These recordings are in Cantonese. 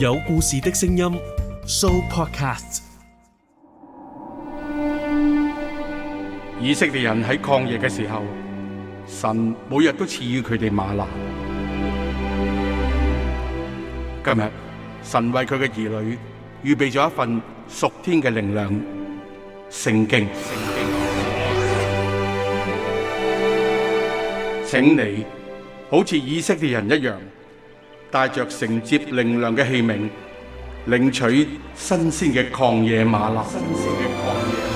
有故事的聲音，So Podcast。以色列人喺曠野嘅時候，神每日都賜予佢哋嗎哪。今日神為佢嘅兒女預備咗一份屬天嘅靈糧：聖經。聖經，請你好似以色列人一樣。帶着承接靈糧嘅器皿，領取新鮮嘅曠野嗎哪。新鮮嘅曠野嗎哪。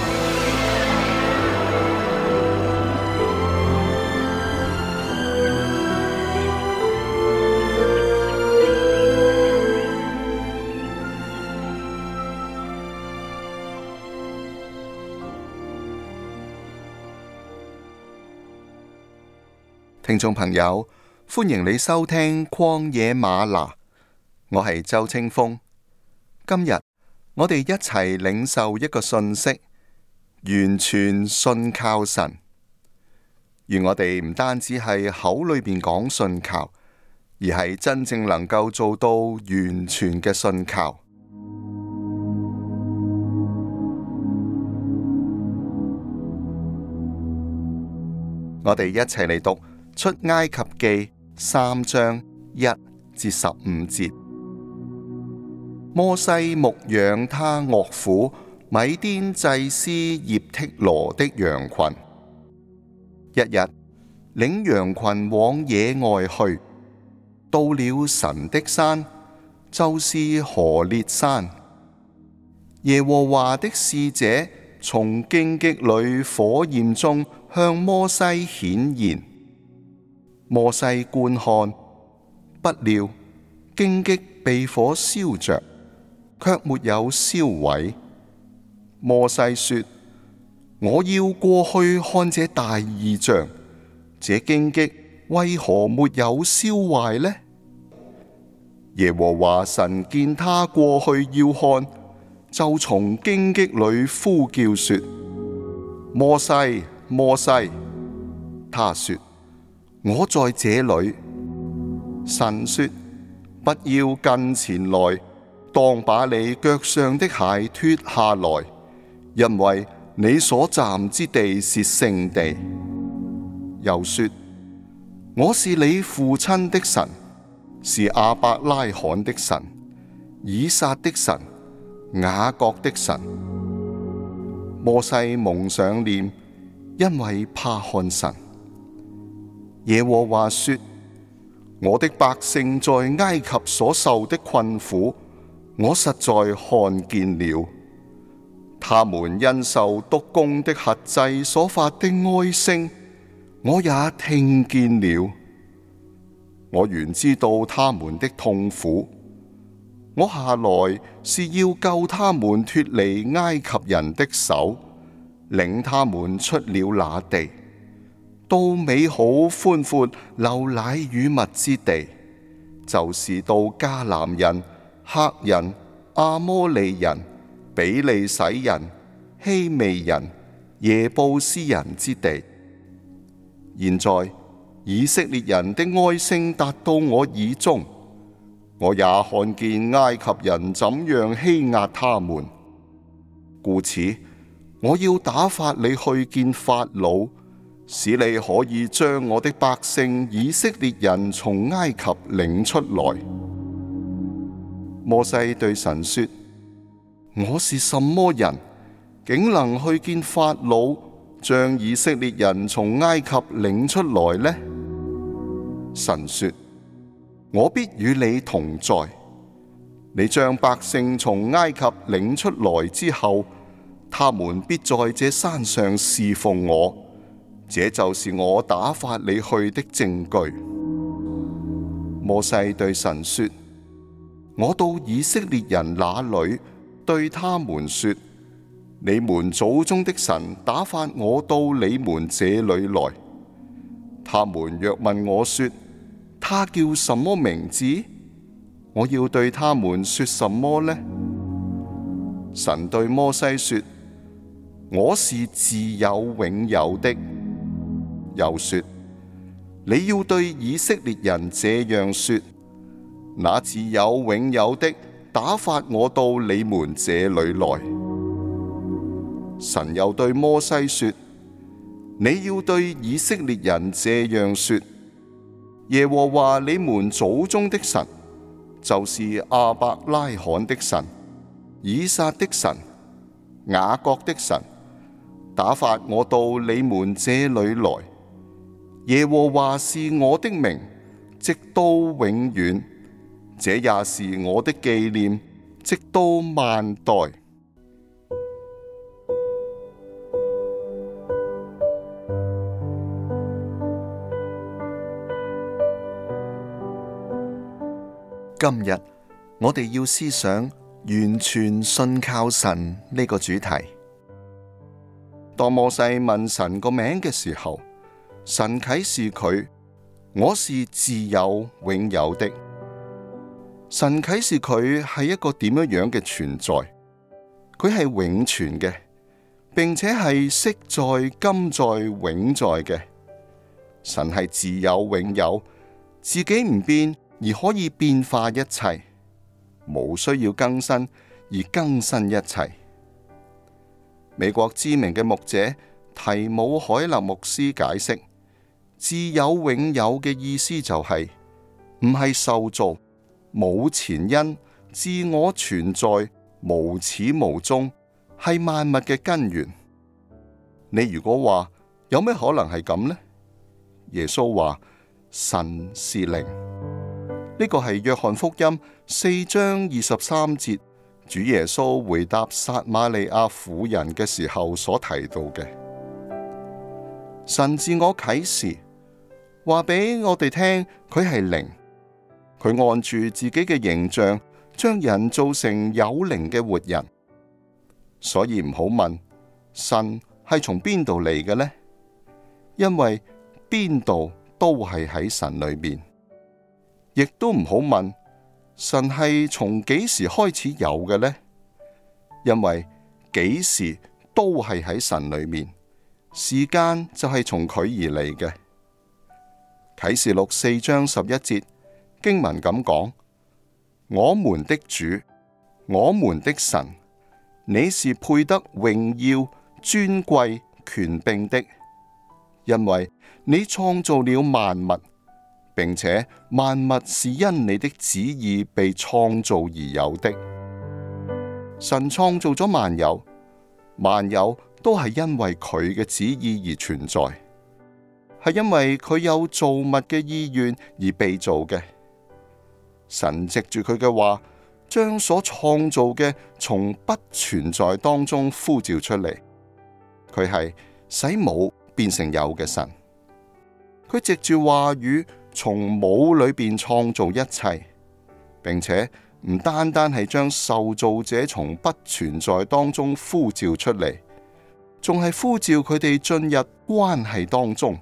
聽眾朋友。歡迎你收聽曠野嗎哪，我係周清風。今日我哋一齊領受一個信息，完全信靠神。而我哋唔單止係口裏邊講信靠，而係真正能夠做到完全嘅信靠。 我哋一齊嚟讀出埃及記。三章一至十五節，摩西牧養，他岳父米甸祭司葉忒羅的羊群，一日領羊群往野外去，到了神的山，就是何烈山，耶和華的使者從荊棘裏火焰中向摩西顯現。摩西觀看，不料荊棘被火燒着，卻沒有燒毀。摩西說：我要過去看這大異象，這荊棘為何沒有燒壞呢？耶和華神見他過去要看，就從荊棘裏呼叫說：摩西，摩西，他說。我在這裏，神說：不要近前來，當把你腳上的鞋脫下來，因為你所站之地是聖地。又說：我是你父親的神，是阿伯拉罕的神、以撒的神、雅各的神。莫細夢想念，因為怕看神。耶和華說：我的百姓在埃及所受的困苦，我實在看見了；他們因受督工的轄制所發的哀聲，我也聽見了。我原知道他們的痛苦，我下來是要救他們脫離埃及人的手，領他們出了那地。到美好寬闊流奶與蜜之地，就是到迦南人、赫人、阿摩利人、比利洗人、希未人、耶布斯人之地。現在以色列人的哀聲達到我耳中，我也看見埃及人怎樣欺壓他們，故此我要打發你去見法老。使你可以將我的百姓以色列人從埃及領出來。摩西對神說：我是什麼人，竟能去見法老，將以色列人從埃及領出來呢？神說：我必與你同在。你將百姓從埃及領出來之後，他們必在這山上侍奉我。這就是我打發你去的證據。摩西對神說：我到以色列人那裏，對他們說：你們祖宗的神打發我到你們這裏來。他們若問我說：他叫什麼名字？我要對他們說什麼呢？神對摩西說：我是自有永有的。又說：你要對以色列人這樣說，那自有永有的打發我到你們這裏來。神又對摩西說：你要對以色列人這樣說，耶和華你們祖宗的神，就是亞伯拉罕的神、以撒的神、雅各的神，打發我到你們這裏來。耶和華是我的名，直到永遠。這也是我嘅的紀念，直到萬代。今日我哋要思想完全信靠神呢個主題。當摩西問神個名嘅時候，神啟示佢，我是自有永有的。神啟示佢係一個點樣樣嘅存在？佢係永存嘅，並且係昔在、今在、永在嘅。神係自有永有，自己唔變而可以變化一切，無需要更新而更新一切。美國知名嘅牧者提姆海納牧師解釋。自有、永有嘅意思就係唔係受造、冇前因、自我存在、無始無終，係萬物嘅根源。你如果話有咩可能係咁呢？耶穌話神是靈，呢個係約翰福音四章二十三節，主耶穌回答撒瑪利亞婦人嘅時候所提到嘅。神自我啟示。話俾我哋聽，佢係靈，佢按住自己嘅形象，將人做成有靈嘅活人。所以唔好問神係從邊度嚟嘅呢？因為邊度都係喺神裏面。亦都唔好問神係從幾時開始有嘅呢？因為幾時都係喺神裏面。時間就係從佢而嚟嘅。啟示錄四章十一節經文咁講：我們的主，我們的神，你是配得榮耀、尊貴、權柄的，因為你創造了萬物，並且萬物是因你的旨意被創造而有的。神創造咗萬有，萬有都係因為佢嘅旨意而存在。係因為佢有造物嘅意願而被造嘅。神藉住佢嘅話，將所創造嘅從不存在當中呼召出嚟。佢係使冇變成有嘅神。佢藉住話語從冇裏邊創造一切，並且唔單單係將受造者從不存在當中呼召出嚟，仲係呼召佢哋進入關係當中。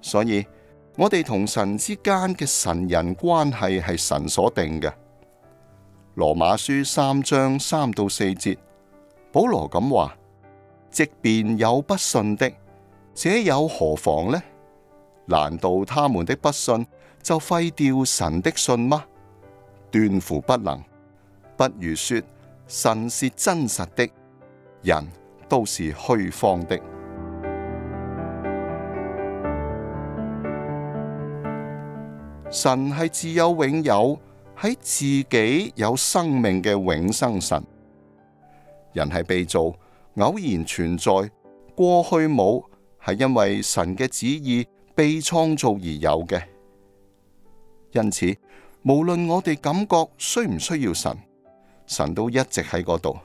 所以，我哋同神之間嘅神人關係係神所定嘅。羅馬書三章三到四節，保羅咁話：即便有不信的，這有何妨呢？難道他們的不信就廢掉神的信嗎？斷乎不能。不如說，神是真實的，人都是虛謊的。神係自有永有，喺自己有生命嘅永生神。人係被造，偶然存在，過去冇，係因為神嘅旨意被創造而有嘅。因此，無論我哋感覺需唔需要神，神都一直喺嗰度。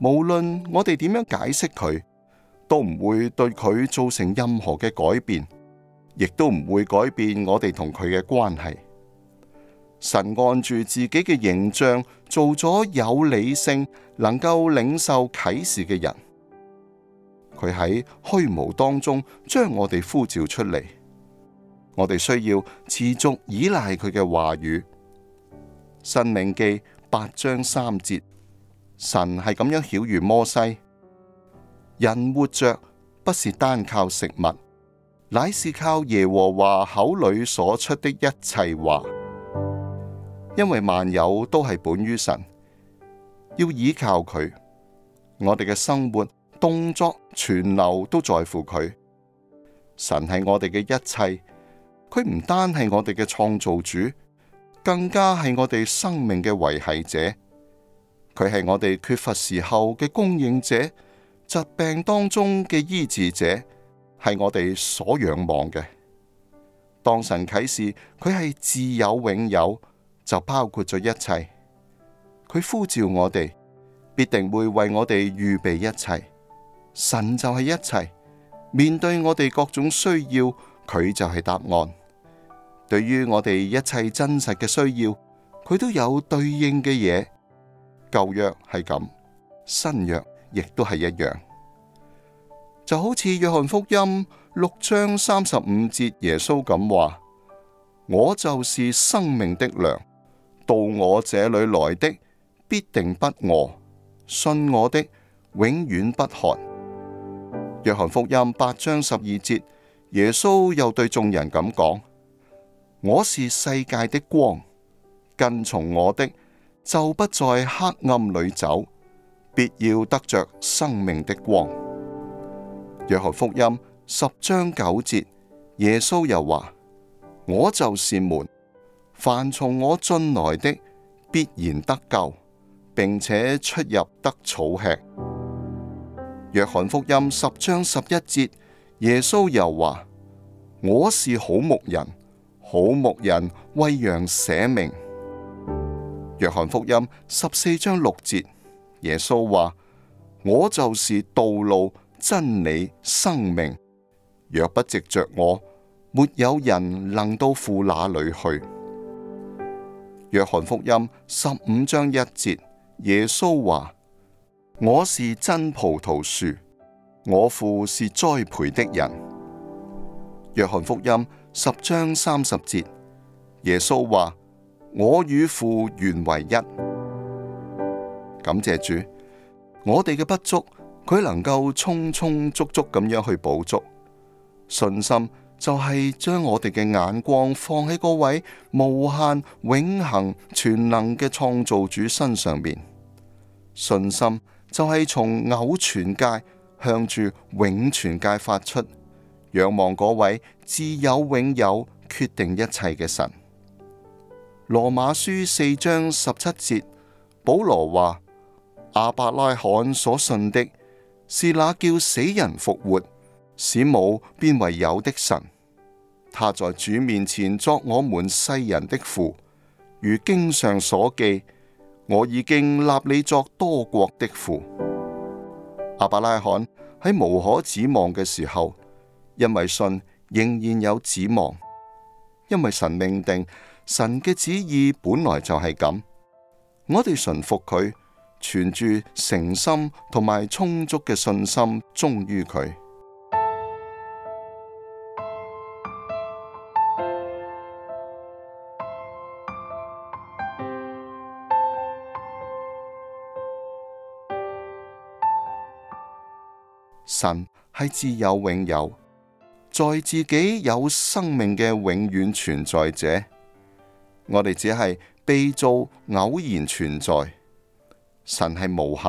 無論我哋點樣解釋佢，都唔會對佢造成任何嘅改變。亦都唔會改變我哋同佢嘅關係。神按住自己嘅形象做咗有理性、能夠領受啟示嘅人。佢喺虛無當中將我哋呼召出嚟，我哋需要持續依賴佢嘅話語。申命記八章三節，神係咁樣曉諭摩西：人活着不是單靠食物。乃是靠耶和華口裏所出的一切話，因為萬有都係本於神，要依靠佢。我哋嘅生活、動作、存留都在乎佢。神係我哋嘅一切，佢唔單係我哋嘅創造主，更加係我哋生命嘅維繫者。佢係我哋缺乏時候嘅供應者，疾病當中嘅醫治者。係我哋所仰望嘅。當神啟示佢係自有永有，就包括咗一切。佢呼召我哋，必定會為我哋預備一切。神就係一切，面對我哋各種需要，佢就係答案。對於我哋一切真實嘅需要，佢都有對應嘅嘢。舊約係咁，新約亦都係一樣。就好似約翰福音六章三十五節，耶穌咁話：我就是生命的糧，到我這裏來的必定不餓，信我的，永遠不寒。約翰福音八章十二節，耶穌又對眾人咁講：我是世界的光，跟從我的就不在黑暗裏走，必要得着生命的光。約翰福音十章九節，耶穌又話：我就是門，凡從我進來的必然得救，並且出入得草吃。約翰福音十章十一節，耶穌又話：我是好牧人，好牧人為羊捨命。約翰福音十四章六節，耶穌話：我就是道路。真理生命，若不藉着我，沒有人能到父那裏去。約翰福音十五章一節，耶穌話：我是真葡萄樹，我父是栽培的人。約翰福音十章三十節，耶穌話：我與父原為一。感謝主，我哋嘅不足。佢能夠充充足足咁樣去補足信心，就係將我哋嘅眼光放喺嗰位無限永恒全能嘅創造主身上面。信心就係從偶存界向住永存界發出仰望嗰位自有永有、決定一切嘅神。羅馬書四章十七節，保羅話：亞伯拉罕所信的。是那叫死人復活、使無變為有的神，他在主面前作我們世人的父，如經上所記：我已經立你作多國的父。亞伯拉罕喺無可指望嘅時候，因為信仍然有指望，因為神命定，神嘅旨意本來就係咁，我哋順服佢。存住誠心同埋充足嘅信心，忠於佢。神係自有永有，在自己有生命嘅永遠存在者。我哋只係被造偶然存在。神係無限，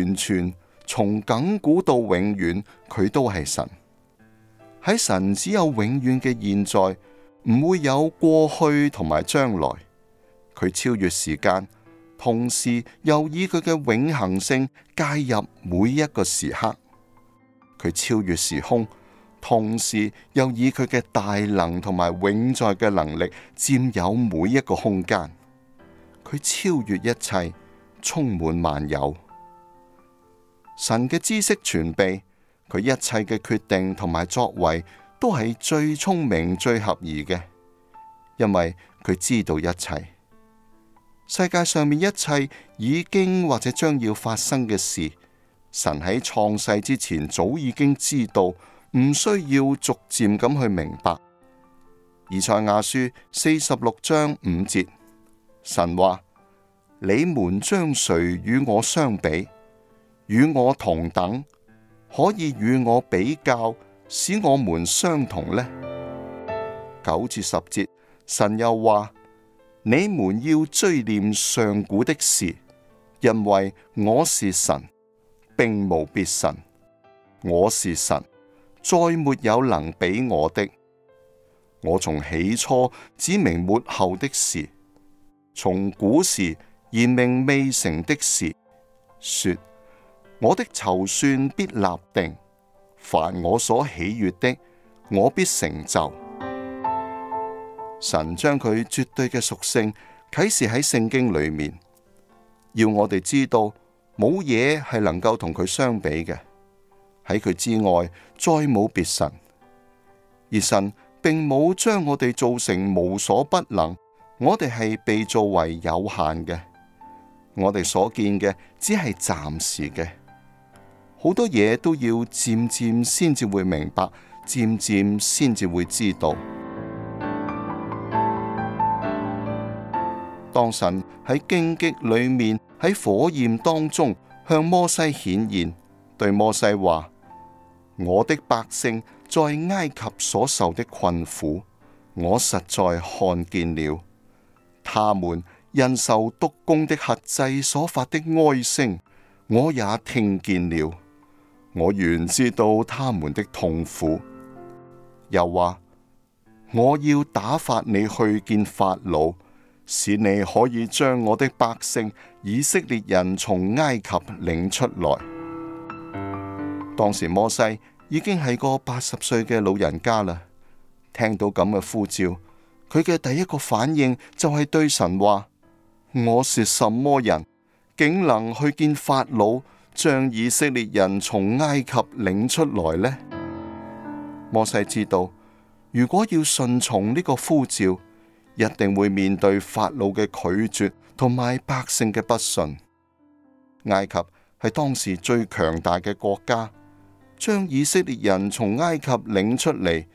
完全從亙古到永遠，佢都係神。喺神只有永遠嘅現在，唔會有過去同埋將來。佢超越時間，同時又以佢嘅永恆性介入每一個時刻。佢超越時空，同時又以佢嘅大能同埋永在嘅能力佔有每一個空間。佢超越一切。充滿萬有，神嘅知識全備，佢一切嘅決定同埋作為都係最聰明最合宜嘅，因為佢知道一切，世界上面一切已經或者將要發生嘅事，神喺創世之前早已經知道，唔需要逐漸咁去明白。以賽亞書四十六章五節，神話。你們將誰與我相比？與我同等，可以與我比較，使我們相同呢？九至十節，神又話：你們要追念上古的事，因為我是神，並無別神。我是神，再沒有能比我的。我從起初指明末後的事，從古時。言明未成的事，說：我的籌算必立定，凡我所喜悅的，我必成就。神將佢絕對嘅屬性啟示喺聖經裏面，要我哋知道冇嘢係能夠同佢相比嘅，喺佢之外再冇別神，而神並冇將我哋造成無所不能，我哋係被造為有限嘅。我哋所見嘅只係暫時嘅，好多嘢都要漸漸先至會明白，漸漸先至會知道。 當神喺荊棘裏面，喺火焰當中向摩西顯現，對摩西話：「我的百姓在埃及所受的困苦，我實在看見了，他們。因受督工的轄制所發的哀聲，我也聽見了。我原知道他們的痛苦。又話：我要打發你去見法老，使你可以將我的百姓以色列人從埃及領出來。當時摩西已經係個八十歲嘅老人家啦，聽到咁嘅呼召，佢嘅第一個反應就係對神話。我是什麼人，竟能去見法老，將以色列人從埃及領出來呢？摩西知道，如果要順從呢個呼召，一定會面對法老嘅拒絕同埋百姓嘅不信。埃及係當時最強大嘅國家，將以色列人從埃及領出嚟，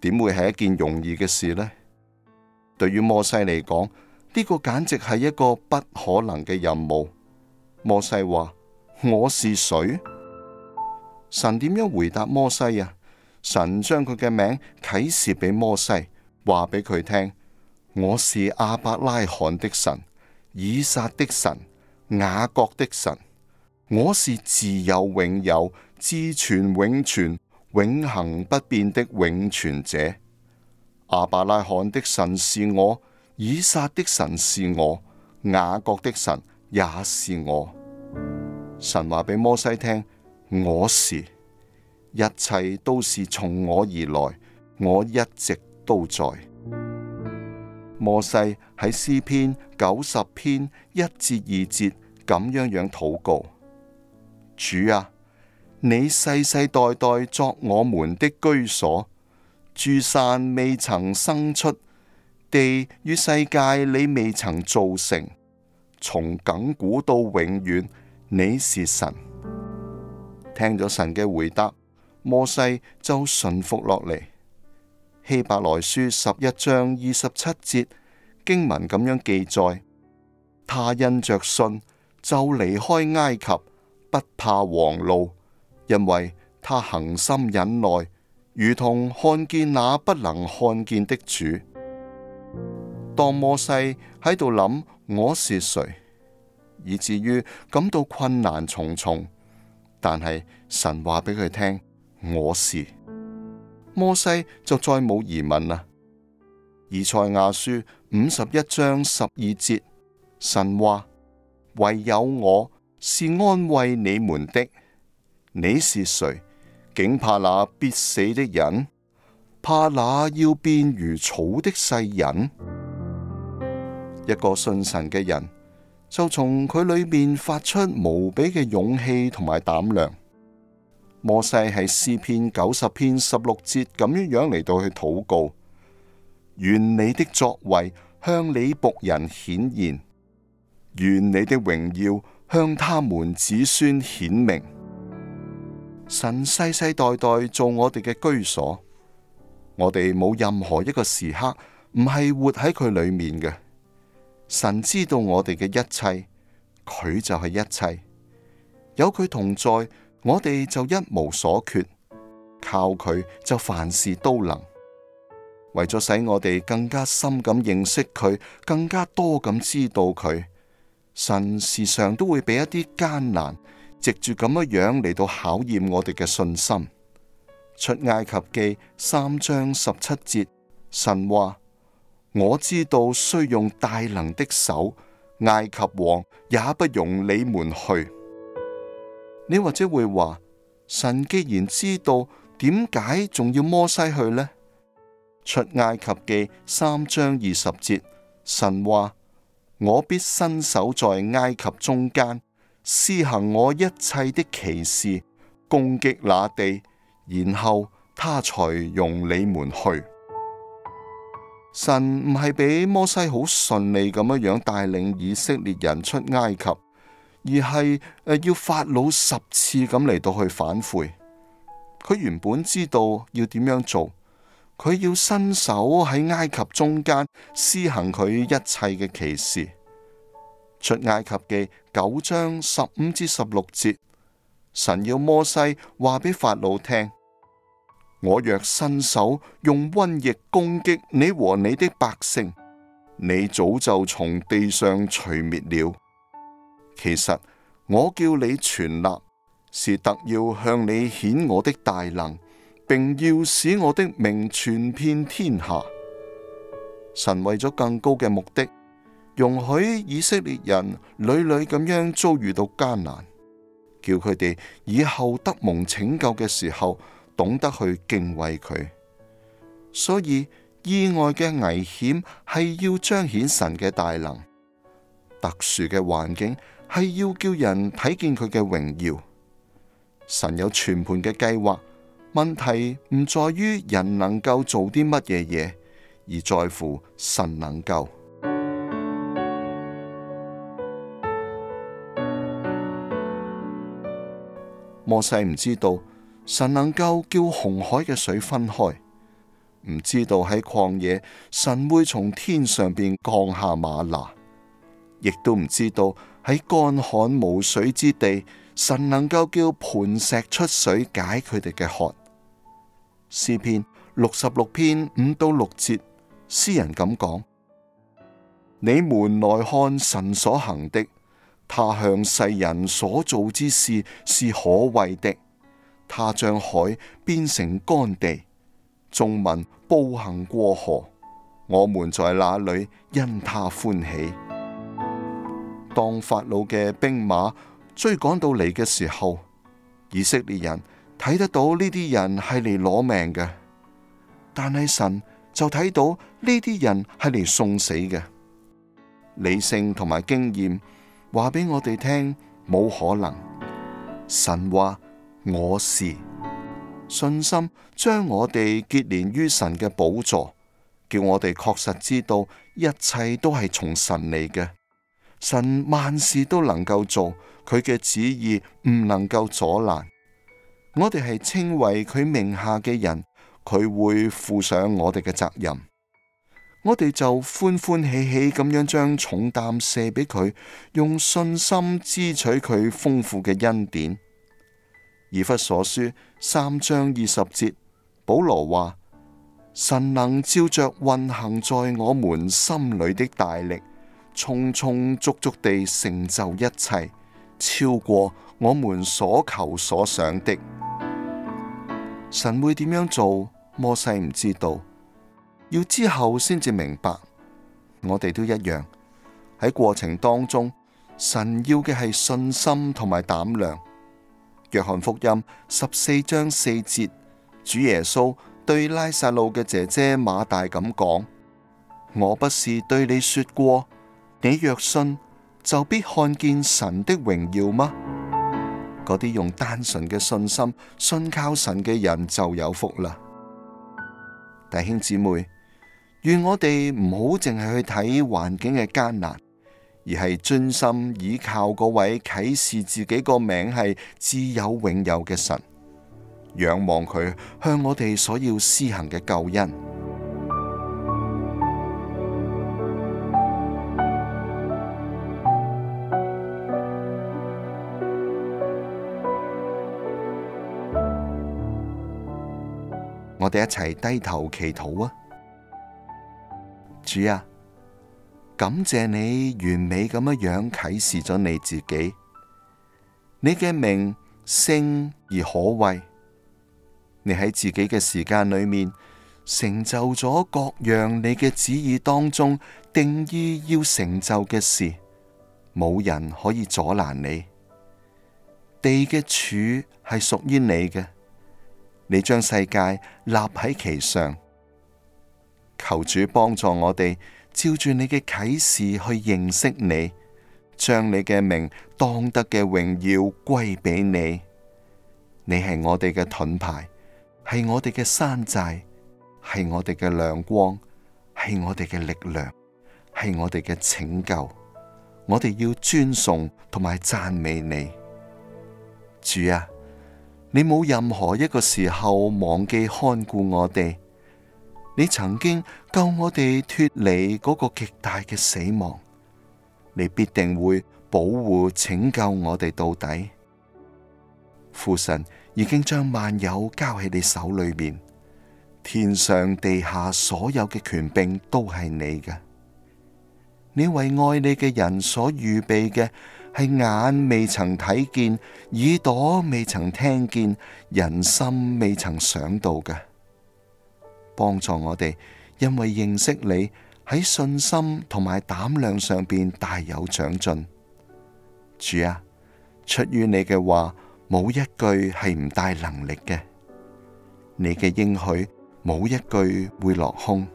點會係一件容易嘅事呢？對於摩西嚟講，呢個簡直係一個不可能嘅任務。摩西話：我是誰？神點樣回答摩西啊？神將佢嘅名啟示俾摩西，話俾佢聽：我是亞伯拉罕的神、以撒的神、雅各的神。我是自有永有、自存永存、永恒不變的永存者。亞伯拉罕的神是我。以撒的神是我，雅各的神也是我。神話俾摩西聽，我是，一切都是從我而來，我一直都在。摩西喺詩篇九十篇一節二節咁樣樣禱告：主啊，你世世代代作我們的居所，諸山未曾生出。地與世界，你未曾造成，從亘古到永遠，你是神。聽咗神嘅回答，摩西就順服落嚟。希伯來書十一章二十七節經文咁樣記載：他因着信就離開埃及，不怕王怒，因為他恒心忍耐，如同看見那不能看見的主。當摩西喺度諗我是誰，以至於感到困難重重。但係神話俾佢聽，我是。摩西就再冇疑問啦。以賽亞書五十一章十二節，神話，唯有我是安慰你們的。你是誰？竟怕那必死的人，怕那要變如草的世人？一個信神嘅人，就從佢裏面發出無比嘅勇氣同埋膽量。摩西係詩篇九十篇十六節咁樣樣嚟到去禱告：願你的作為向你僕人顯現，願你的榮耀向他們子孫顯明。神世世代代做我哋嘅居所，我哋冇任何一個時刻唔係活喺佢裏面嘅。神知道我哋嘅一切，佢就係一切，有佢同在，我哋就一無所缺，靠佢就凡事都能。為咗使我哋更加深咁認識佢，更加多咁知道佢，神時常都會俾一啲艱難，藉住咁樣樣嚟到考驗我哋嘅信心。出埃及記三章十七節，神話。我知道需用大能的手，埃及王也不容你們去。你或者會話神既然知道，點解仲要摩西去呢？出埃及記三章二十節，神話，我必伸手在埃及中間施行我一切的奇事，攻擊那地，然後他才容你們去。神唔係俾摩西好順利咁樣樣帶領以色列人出埃及，而係要法老十次咁嚟到去反悔。佢原本知道要點樣做，佢要伸手喺埃及中間施行佢一切嘅奇事。出埃及記九章十五至十六節，神要摩西話俾法老聽。我若伸手用瘟疫攻擊你和你的百姓，你早就從地上除滅了。其實我叫你全立，是特要向你顯我的大能，並要使我的名傳遍天下。神為咗更高嘅目的，容許以色列人屢屢咁樣遭遇到艱難，叫佢哋以後得蒙拯救嘅時候。懂得去敬畏佢，所以意外嘅危險係要彰顯神嘅大能，特殊嘅環境係要叫人睇見佢嘅榮耀。神有全盤嘅計劃，問題唔在於人能夠做啲乜嘢嘢，而在乎神能夠。摩西唔知道。神能夠叫紅海嘅水分開，唔知道喺曠野，神會從天上邊降下嗎哪，亦都唔知道喺乾旱無水之地，神能夠叫磐石出水解佢哋嘅渴。詩篇六十六篇五到六節，詩人咁講：你們來看神所行的，他向世人所做之事是可畏的。他將海變成乾地，眾民步行過河。我們在那裏因他歡喜。當法老嘅兵馬追趕到嚟嘅時候，以色列人睇得到呢啲人係嚟攞命嘅，但係神就睇到呢啲人係嚟送死嘅。理性同埋經驗話俾我哋聽，冇可能，神話。我是信心將我哋結連於神嘅寶座，叫我哋確實知道一切都係從神嚟嘅。神萬事都能夠做，佢嘅旨意唔能夠阻攔。我哋係稱為佢名下嘅人，佢會負上我哋嘅責任。我哋就歡歡喜喜咁樣將重擔卸俾佢，用信心支取佢豐富嘅恩典。以弗所書三章二十節，保羅話：神能照着運行在我們心裏的大力，充充足足地成就一切，超過我們所求所想的。神會點樣做？摩西唔知道，要之後先至明白。我哋都一樣喺過程當中，神要嘅係信心同埋膽量。約翰福音十四章四節，主耶穌對拉撒路嘅姐姐馬大咁講：我不是對你說過，你若信，就必看見神的榮耀嗎？嗰啲用單純嘅信心信靠神嘅人就有福啦！弟兄姊妹，願我哋唔好淨係去睇環境嘅艱難，而係專心倚靠嗰位啟示自己個名係自有永有嘅神，仰望佢向我哋所要施行嘅救恩。 我哋一齊低頭祈禱啊！主啊！感謝你完美咁樣樣啟示咗你自己，你嘅名聖而可畏。你喺自己嘅時間裏面成就咗各樣你嘅旨意當中定義要成就嘅事，冇人可以阻攔你。地嘅柱係屬於你嘅，你將世界立喺其上。求主幫助我哋。照住你嘅啟示去認識你，將你嘅名當得嘅榮耀歸俾你。你係我哋嘅盾牌，係我哋嘅山寨，係我哋嘅亮光，係我哋嘅力量，係我哋嘅拯救。我哋要尊崇同埋讚美你，主啊！你冇任何一個時候忘記看顧我哋。你曾經救我哋脫離嗰個極大嘅死亡，你必定會保護拯救我哋到底。父神已經將萬有交喺你手裏面，天上地下所有嘅權柄都係你嘅。你為愛你嘅人所預備嘅係眼未曾睇見、耳朵未曾聽見、人心未曾想到嘅。幫助我哋，因為認識你喺信心同埋膽量上面大有長進。主啊，出於你嘅話，冇一句係唔帶能力嘅，你嘅應許冇一句會落空。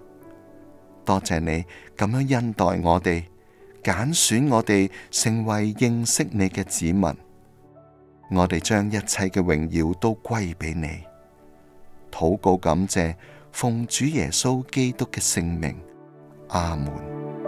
多謝你咁樣恩待我哋，揀選我哋成為認識你嘅子民，我哋將一切嘅榮耀都歸俾你，禱告感謝，奉主耶穌基督嘅聖名，阿門。